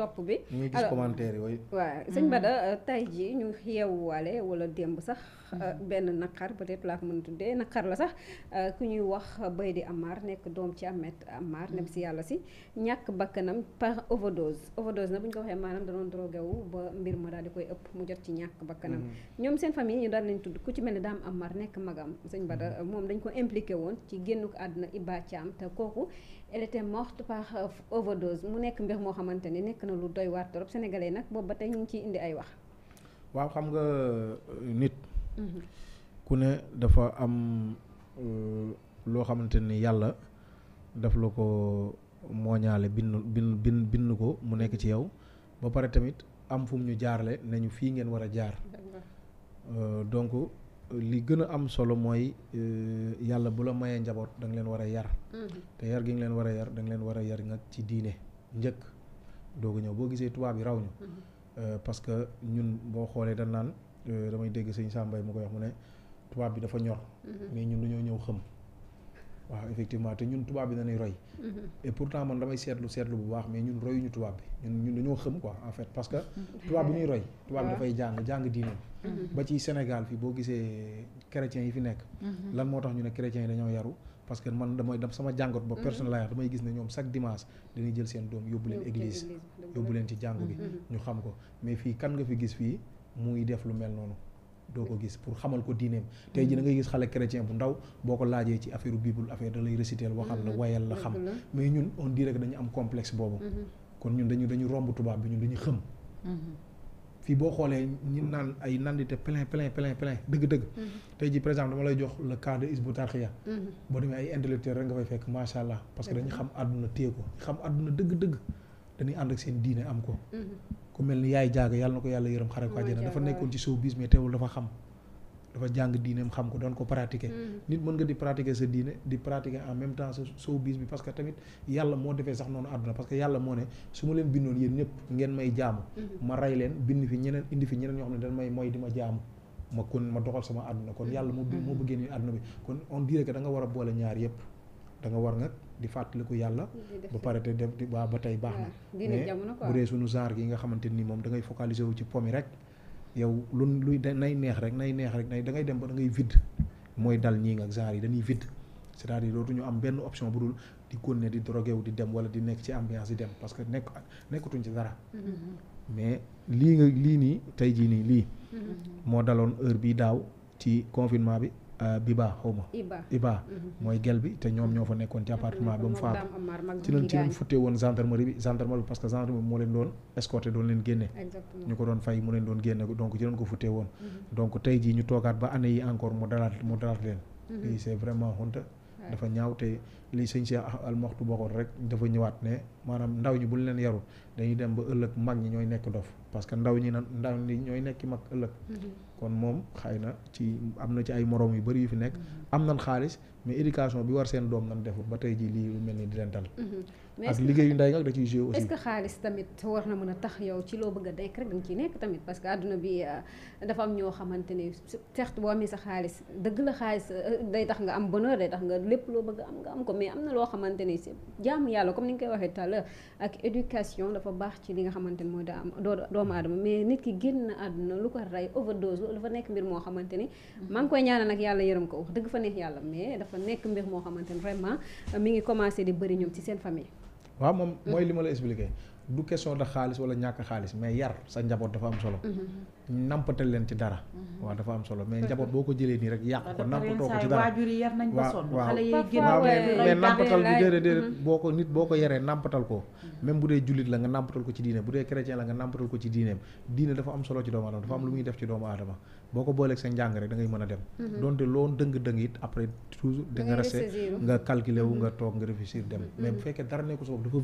topp bi ñuy gis commentaire yooyu waaw sëñ mm. euh, tey jii ñu yeewuwaale wala démb sax euh, mm. benn naqar peut-être laa mën a tuddee naqar la sax euh, ku ñuy wax bay di am Amar nekk doom ci am maar dem mm. si yàlla si ñàkk bakkanam par overdose overdose na buñ ko waxee maanaam danoon drogué wu ba mbir ma daal di koy ëpp mu jot ci ñàkk bakkanam mm-hmm. ñoom seen famille ñu daal nañ tudd ku ci mel ni daam Dame Amar nekk magam sëñ Bada mm-hmm. moom dañ ko impliqué woon ci génnuk àdduna Iba Thiam te kooku elle était morte par euh, overdose mu nekk mbir moo xamante ni nekk na lu doy waar trop sénégalais nag boobu ba tey ñu ngi ciy indi ay wax. waaw xam nga euh, nit. Mhm. ku ne dafa am euh, loo xamante ni yàlla daf la ko mooñaale bind bind bind ko mu nekk ci yow ba pare tamit am fu mu ñu jaarale nañu fii ngeen war a jaar. donc li gën a am solo mooy euh, yàlla bu la mayee njaboot da leen war a yar. Mm-hmm. te yar gi nga leen war a yar da leen war a yar nag ci diine njëkk doog a ñëw boo gisee tubaab yi raw ñu. Mm-hmm. Euh, parce que ñun boo xoolee dañ naan euh, damay dégg saa mbay mu koy wax mu ne tubaab bi dafa ñor. Mm-hmm. mais ñun ñoo ñëw xëm. waaw effectivement te ñun tubaab bi na dañuy roy. Mm-hmm. et pourtant man damay seetlu seetlu bu baax mais ñun royuñu tubaab bi ñun ñun dañoo xam ko en fait parce que. Mm-hmm. tubaab bi ñuy roy. tubaab bi dafay jàng jàng diine. Mm-hmm. ba ci Sénégal fii boo gisee chrétiens yi fi nekk. lan moo tax ñu ne chrétiens yi dañoo yaru. parce que man damay dam sama jàngat ba personnel laa damay gis ne ñoom chaque dimanche dañuy jël seen doom yóbbu leen église yóbbu leen ci jàngu bi ñu xam ko mais fii kan nga fi gis fii muy def lu mel noonu. doo ko gis pour xamal ko diineem tey ji da ngay gis xale chrétien bu ndaw boo ko laajee ci affaire bible affaire da lay réciter waxal la mhm. wayal la xam mais ñun on dirait que dañu am complexe boobu mhm. kon ñun dañu romb tubaab bi ñun dañu xëm mhm. fii boo xoolee ñu naan ay nandite plein plein plein dëgg-dëgg tey ji par exemple dama lay jox le cas de Hizbut Tarqiyyah boo demee ay intellectuel rek nga fay fekk macha allah parce que dañu xam àdduna téye ko xam àdduna dañuy ànd ak seen diine am ko. Mm-hmm. ku mel ni yaay jaaga yàlla na ko yàlla yërëm xare ko àjjana dafa nekkoon ci showbiz mais teewul dafa xam. dafa jàng diineem xam ko doon ko pratiquer. Mm-hmm. nit mën nga di pratiquer sa diine di pratiquer en même temps sa showbiz parce que tamit yàlla moo defee sax noonu àdduna que yàlla moo ne su ma leen bindoon yéen ñëpp ngeen may jaamu. Mm-hmm. ma rey leen bind fi ñeneen indi fi ñeneen ñoo xam ne dañ may mooy di ma ma kon ma doxal sama àdduna kon yàlla moo moo bëggee nii àdduna bi kon on nga war a boole ñaar yëpp da war nag. di fàttaliku yàlla ba pare te def waa ba tey baax na mais bu dee suñu genre gi nga xamante nii moom da ngay focaliser wu ci pomi rek yow lu luy nay neex rek nay neex rek nay da ngay dem ba da ngay vide mooy dal ñii nga genre yi dañuy vide c'est-à-dire dootuñu am benn option bu dul di ne di drogué wu di dem wala di nekk ci ambiance di dem parce que nekk nekkatuñ ci dara mm-hmm. mais lii nga lii nii tey jii nii lii mm-hmm. moo daloon heure bi daaw ci confinement bi Euh, Biba xaw ma. Iba mhm. mooy gel bi te ñoom ñoo fa nekkoon ci mhm. appartement ba mu faatu. ci lañ ci lañ futtee woon gendarmerie bi gendarmerie bi parce que gendarmerie bi moo leen doon escorté doon leen génne. ñu ko doon fay mu leen doon génne donc ci lañ ko futtee woon. Mhm. donc tey jii ñu toogaat ba année yi encore mu dalaat mu dalaat leen. lii c'est vraiment honte. dafa ñaaw te li sëñ Cheikh al Moxtu bokkoon rek dafa ñëwaat ne maanaam ndaw ñi buñ leen yarul dañuy dem ba ëllëg mag ñi ñooy nekk dof parce que ndaw ñi na ndaw ñi ñooy nekki mag ëllëg mm-hmm. kon moom xëy na ci am na ci ay moroom yu bari yu fi nekk mm-hmm. am nañ xaalis mais éducation bi war seen doom nan deful ba tey jii lii lu mel ni di leen dal. Mhm. ak que xaalis tamit war na mën a tax yow ci loo bëgg a dekk rek nekk tamit parce que àdduna euh, dafa am ñoo xamante ne certes boo amee sa xaalis dëgg la xaalis euh, day tax nga am bonheur day tax nga lépp loo bëgg am nga am ko mais am na loo xamante ne si jaamu yàlla comme ni nga koy waxee tout à l'heure ak baax ci li nga xamante ne mooy daa am doomu aadama mais nit ki génn àdduna lu ko rey overdose dafa nekk mbir moo xamante ni mhm. maa ngi koy ñaanal nag yàlla yërëm ko wax dëgg fa neex yàlla mais dafa dafa nekk mbir moo xamante ne vraiment euh, mi ngi commencé di bari ñoom ci seen famille. waaw moom mhm. mooy li ma la expliqué du question de xaalis wala ñàkk xaalis mais yar sa njaboot dafa am solo. Mhm. nampatal leen ci dara. Mhm. waaw dafa am solo mais njaboot boo ko jëlee nii rek yàq ko nampatoo ko ci dara waajur yi yar nañ ko sonn xale yi génn mhm. boo ko nit boo ko yaree nampatal ko mhm. même bu dee jullit la nga nampatal ko ci diine bu dee chrétien la nga nampatal ko ci diineem diine dafa am solo ci doomu aadama dafa am lu muy def ci doomu aadama boo ko booleeg sa njàng rek da mën a dem donte loon dëng-dëng it après toujours da nga resté nga calculer wu nga toog nga bu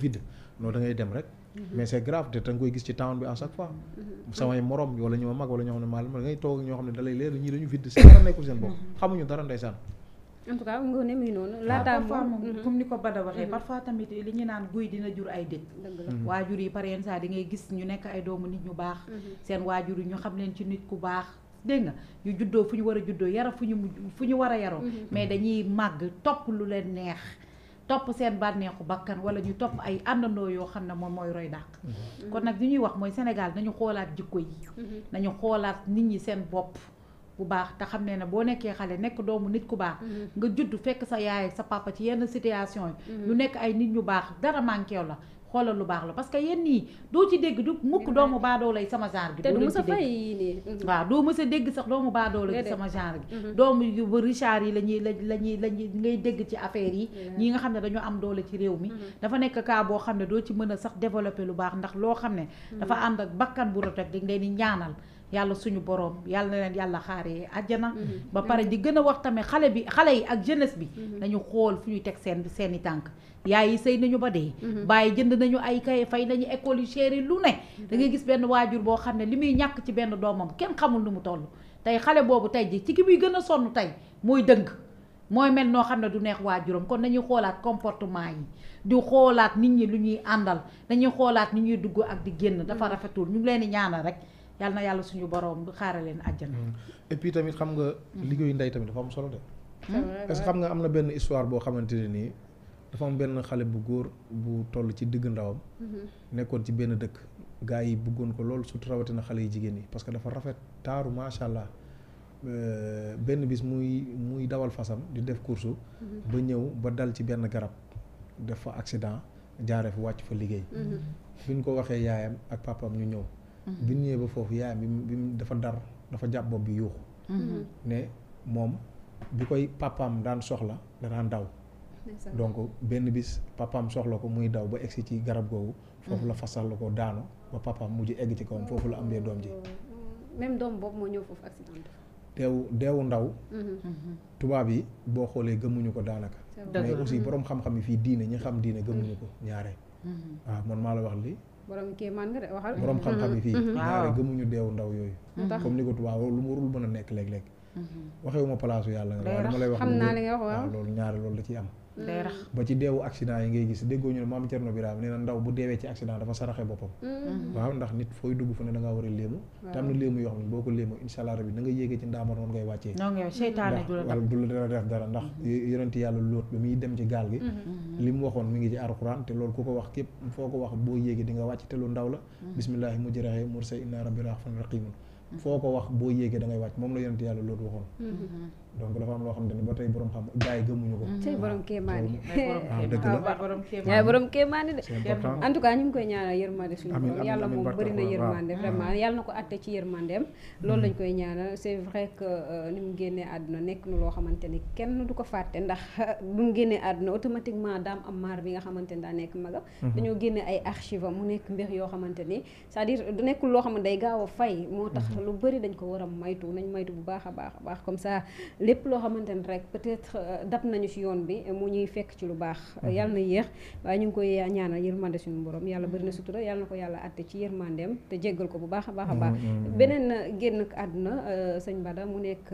da ngay dem rek mais ma mag wala ñoo xam ne maal ma ngay toog ñoo xam ne dalay leer ñii dañu vidde seen dara nekkul seen bopp mm-hmm. xamuñu dara ndeysaan en tout cas nga ne muy noonu ah. laataa moom mm-hmm. comme ni ko Bada waxee mm-hmm. parfois tamit li ñu naan guy dina jur ay dëj waajur yi pare saa di gis ñu nekk ay doomu nit ñu baax seen waajur yi ñu xam leen ci nit ku baax dégg ñu juddoo fu ñu war a juddoo yara fu ñu fu ñu war a yaroo mais dañuy màgg topp lu leen neex topp seen bànneexu bàkkan wala ñu topp ay àndandoo yoo xam ne moom mooy roy dàq. Mhm. kon nag li ñuy wax mooy Sénégal nañu xoolaat jikko yi. Mhm. nañu xoolaat nit ñi seen bopp. bu baax te xam ne ne boo nekkee xale nekk doomu nit ku baax mhm. nga judd fekk sa yaay sa papa ci yenn situation yi nekk ay nit ñu baax dara manqué la xoolal que yenn yi doo ci dégg du mukk doomu baadoo lay sama genre gi. te du mm-hmm. doo mës a dégg sax doomu baadoo lay sama genre gi. Mm-hmm. doomu yi la ñuy la la ñuy ngay dégg ci affaire yi. ñi nga xam ne dañoo am doole ci réew mi. Mm-hmm. dafa nekk cas boo xam ne doo ci mën a sax développer lu baax ndax loo xam ne. dafa ànd ak bakkan bu rot rek dañ leen di ñaanal. yàlla suñu borom yàlla na leen yàlla xaaree àjjana. ba pare di gën a wax tamit xale bi xale yi ak jeunesse bi. nañu xool fu ñuy teg seen seeni tànk. yaay yi sëy nañu ba dee. bàyyi nañu ay kaye fay nañu école yi chère lu ne da ngay gis benn waajur boo xam ne li muy ñàkk ci benn doomam kenn xamul nu mu toll tey xale boobu tey ji ci ki muy gën a sonn tey mooy dëng mooy mel noo xam ne du neex waajuram kon nañu xoolaat comportement yi du xoolaat nit ñi lu ñuy àndal dañuy xoolaat ni ñuy dugg ak di génn dafa mm-hmm. rafetul ñu leen di ñaanal rek yàlla na yàlla suñu borom xaare leen àjjana mm-hmm. et tamit xam nga mm-hmm. liggéeyu ndey tamit dafa am solo de nga am na benn histoire boo xamante ne nii dafa am benn xale bu góor bu toll ci digg ndawam. Mhm. nekkoon ci benn dëkk. gaa yi bëggoon ko loolu surtout rawatina xale yi jigéen yi parce que dafa rafet taaru macha allah euh, benn bis muy muy dawal fasam di def course. Mhm. ba ñëw ba dal ci benn garab def fa accident jaaree fu wàcc fa liggéey. fi mhm. ñu ko waxee yaayam ak papaam ñu ñëw. bi ñëwee ba foofu yaayam bi mu dafa dar dafa jàpp bopp bi yuuxu. ne moom bi koy papaam daan soxla da daan daw. donc benn bis papam soxla ko muy daw ba egsi ci garab googu. foofu la mm. fasal la ko daanu ba papaam mujj egg ci kawam foofu la ambee doom ji. Mm, mm. même doom boobu moo ñëw foofu accident. teew deewu ndaw. Mm-hmm. Mm-hmm. tubaab yi boo xoolee gëmuñu ko daanaka. mais aussi mm-hmm. borom xam-xam yi fii diine ñi xam diine gëmuñu ko ñaare. waaw ah, man maa la wax li borom kéemaan nga de waxal. borom xam-xam yi fii. ñaare gëmuñu deewu ndaw yooyu. comme ni ko tubaab lu mu warul mën a nekk léeg-léeg. Mm-hmm. waxewuma palaasu yàlla nga dama lay wax xam naa li nga wax waaw loolu ñaari loolu la ciy am mm. ba ci deewu accident yi ngay gis déggoo ñu ne maam Cerno Birahim nee na ndaw bu deewee ci accident dafa saraxe boppam mm-hmm. waaw ndax nit fooy dugg fa ne da war a léemu te am na léemu yoo xam ne boo ko léemu insha allah rabbi da nga yéegee ci ndaamar noonu ngay wàccee du la def dara ndax mm-hmm. yonent yàlla lóot ba muy dem ci gaal gi li mu waxoon mi ngi ci alxuraan te loolu ku ko wax képp foo ko wax boo yéegee di nga wàcc te lu ndaw la bismillahi mujraha mursal inna rabbi rahman rahimun foo ko wax boo yéegee da ngay wàcc moom la yonent yàlla loolu waxoon mm-hmm. donc dafa am loo xamante ni ba tey borom xam gars yi gëmuñu ko. tey borom kéemaani. Ah, dëgg la waaw borom kéemaani de. en tout cas ñu ngi koy ñaanal yërmande suñu borom yàlla moom bëri na yërmande ah. vraiment yàlla ko àtte ci yërmandeem. Hmm. loolu lañ koy ñaanal c' est vrai que euh, ni mu génnee àdduna nekk na loo xamante ni kenn du ko fàtte ndax bu mu àdduna automatiquement daam am maar bi nga xamante ni daa nekk magam. Hmm. dañoo génne ay archive mu nekk mbir yoo xamante ni c' dire du nekkul loo xam ne day gaaw a fay moo tax hmm. lu bari dañ ko war a maytu nañ maytu bu baax a baax a baax comme ça lépp loo xamante ne rek peut-être euh, dab nañu ci yoon bi mu ñuy fekk ci lu baax mm-hmm. yal na yéex waaye ñu ngi koy ñaanal yërmande suñu borom yàlla bëri na mm-hmm. sutura yàlla na ko yàlla àtte ci yërmandeem te jéggal ko bu baax a baax a baax mm-hmm. beneen génn àdduna euh, sañ Bada mu nekk